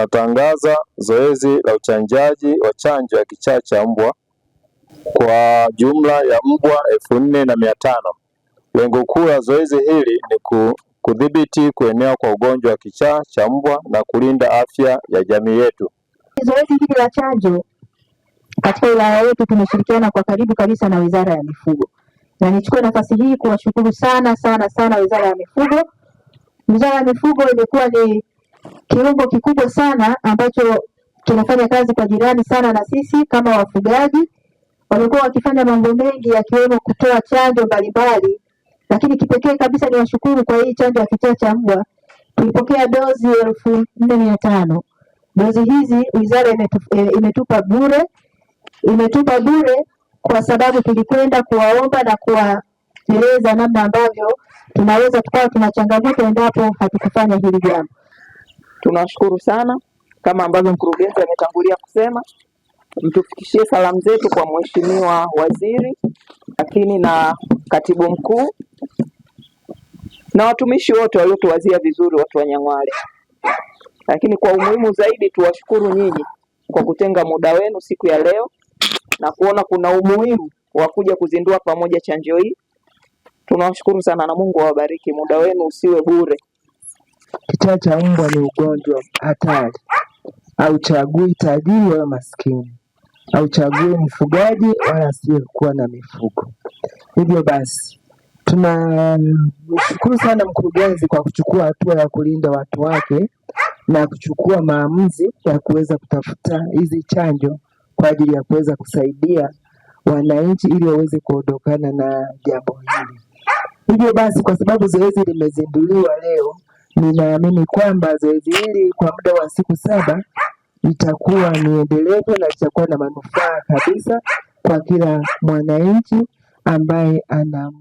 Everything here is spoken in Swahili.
Tunatangaza zoezi la uchanjaji wa chanjo ya kichaa cha mbwa kwa jumla ya mbwa elfu nne na mia tano. Lengo kuu la zoezi hili ni kudhibiti kuenea kwa ugonjwa wa kichaa cha mbwa na kulinda afya ya jamii yetu. Zoezi hili la chanjo katika wilaya yetu tumeshirikiana kwa karibu kabisa na Wizara ya Mifugo, na nichukue nafasi hii kuwashukuru sana sana sana Wizara ya Mifugo. Wizara ya Mifugo imekuwa ni kiungo kikubwa sana ambacho kinafanya kazi kwa jirani sana na sisi kama wafugaji. Wamekuwa wakifanya mambo mengi yakiwemo kutoa chanjo mbalimbali, lakini kipekee kabisa ni washukuru kwa hii chanjo ya kichaa cha mbwa. Tulipokea dozi elfu nne mia tano. Dozi hizi wizara e, imetupa bure, imetupa bure kwa sababu tulikwenda kuwaomba na kuwaeleza namna ambavyo tunaweza tukawa tuna changamoto endapo hatukufanya hili jambo. Tunashukuru sana kama ambavyo mkurugenzi ametangulia kusema, mtufikishie salamu zetu kwa mheshimiwa waziri, lakini na katibu mkuu na watumishi wote waliotuwazia vizuri, watu wa Nyang'hwale. Lakini kwa umuhimu zaidi, tuwashukuru nyinyi kwa kutenga muda wenu siku ya leo na kuona kuna umuhimu wa kuja kuzindua pamoja chanjo hii. Tunawashukuru sana na Mungu awabariki. Muda wenu usiwe bure. Kichaa cha mbwa ni ugonjwa hatari hauchagui tajiri wala maskini, hauchagui mfugaji wala asiyekuwa na mifugo. Hivyo basi tunamshukuru sana mkurugenzi kwa kuchukua hatua ya kulinda watu wake na kuchukua maamuzi ya kuweza kutafuta hizi chanjo kwa ajili ya kuweza kusaidia wananchi ili waweze kuondokana na jambo hili. Hivyo basi, kwa sababu zoezi limezinduliwa leo, Ninaamini kwamba zoezi hili kwa muda wa siku saba itakuwa ni endelevu na litakuwa na manufaa kabisa kwa kila mwananchi ambaye ana